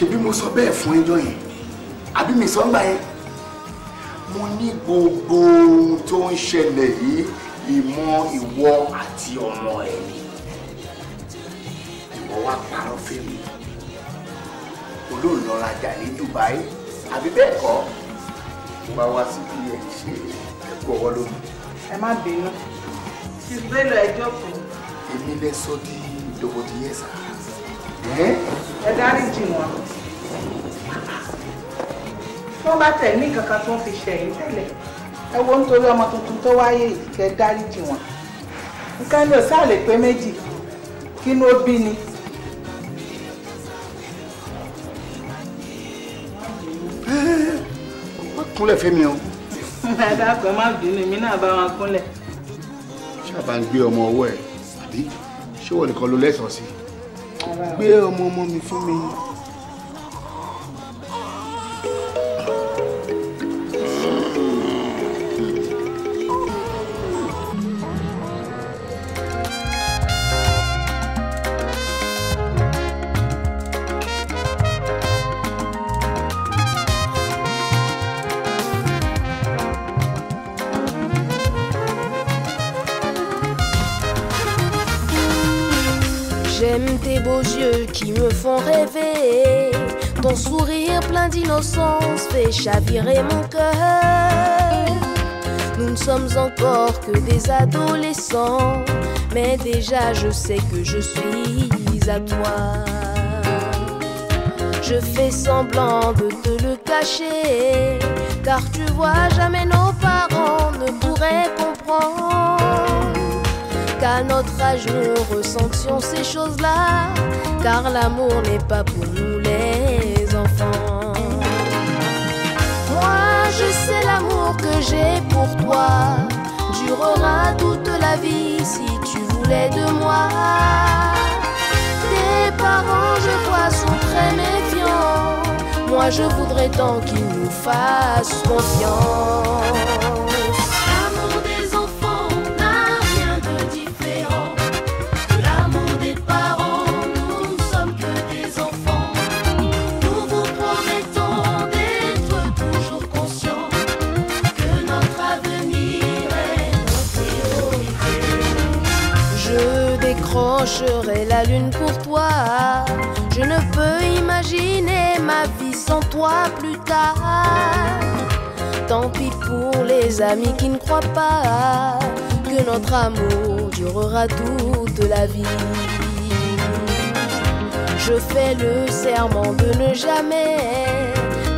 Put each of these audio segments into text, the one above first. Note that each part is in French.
ṣebí mo sọ bẹ́ẹ̀ fún ẹjọ́ yẹn àbí mi sọ gbà yẹn mo ní gbogbo ohun tó ń ṣẹlẹ̀ yìí ìmọ̀ ìwọ àti ọmọ ẹ̀ ni ìwọ wá parọ́ fèmí olóòlù lọ́ra jà ní Dubai àbí bẹ́ẹ̀ kọ́ mo bá wá sí bí ẹ ṣe ẹ̀kọ́ ọwọ́ lónìí. ẹ má bínú ti bẹ́lọ̀ ẹjọ́ kan. èmi lẹ sọ di dòbòdìyẹ sá. ẹ dárí jì wọn wọ́n bá tẹ̀ ní kankan tó ń fi ṣẹ̀yìn tẹ́lẹ̀ ẹ wo nítorí ọmọ tuntun tó wáyé kẹ́ dáríjì wọn nǹkan ní ọ̀sán àlè pé méjì kí ló bí ni. wọ́n kúnlẹ̀ fẹ́mi o. adákan má bínú mi náà bá wọn kúnlẹ̀. ṣáàbà ń gbé ọmọ ọwọ́ ẹ̀ àbí ṣé wọ́n nìkan ló lẹ́sọ̀ọ́ sí gbé ọmọ ọmọ mi fún mi. tes beaux yeux qui me font rêver. Ton sourire plein d'innocence fait chavirer mon cœur. Nous ne sommes encore que des adolescents, mais déjà je sais que je suis à toi. Je fais semblant de te le cacher, car tu vois jamais nos parents notre âge, nous ressentions ces choses-là, car l'amour n'est pas pour nous les enfants. Moi, je sais l'amour que j'ai pour toi, durera toute la vie si tu voulais de moi. Tes parents, je vois, sont très méfiants. Moi, je voudrais tant qu'ils nous fassent confiance. pencherai la lune pour toi. Je ne peux imaginer ma vie sans toi plus tard. Tant pis pour les amis qui ne croient pas que notre amour durera toute la vie. Je fais le serment de ne jamais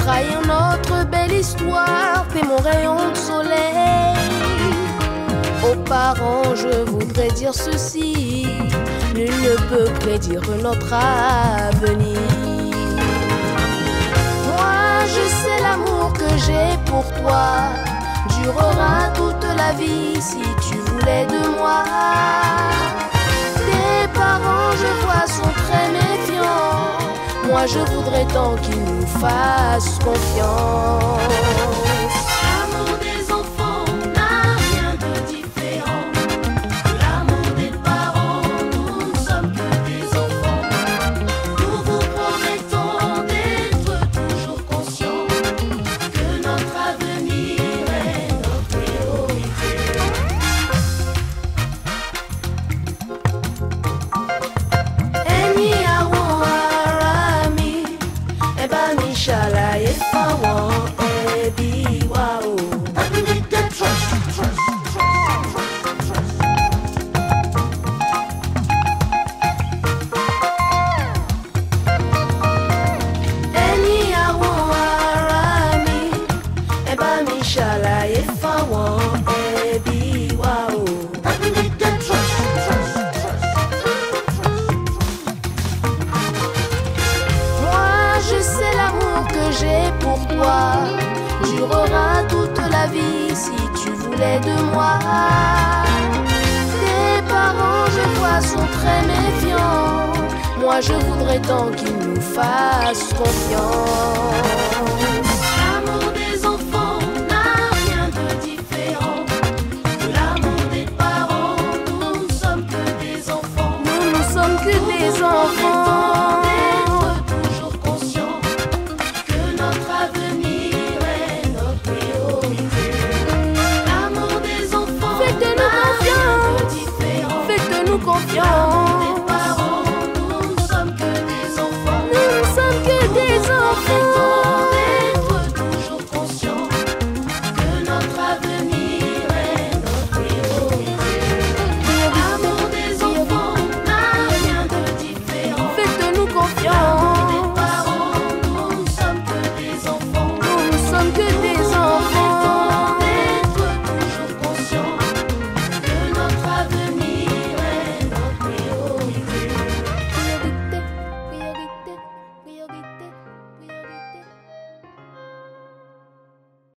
trahir notre belle histoire. T'es mon rayon de soleil. Aux parents, je voudrais dire ceci peut prédire notre avenir. Moi, je sais l'amour que j'ai pour toi durera toute la vie si tu voulais de moi. Tes parents, je vois, sont très méfiants. Moi, je voudrais tant qu'ils nous fassent confiance. J'ai pour toi durera toute la vie si tu voulais de moi. Tes parents je vois sont très méfiants. Moi je voudrais tant qu'ils nous fassent confiance. L'amour des enfants n'a rien de différent. L'amour des parents nous ne sommes que des enfants. Nous ne sommes que des enfants. L'amour des enfants. Faites-nous confiance. Faites-nous confiance.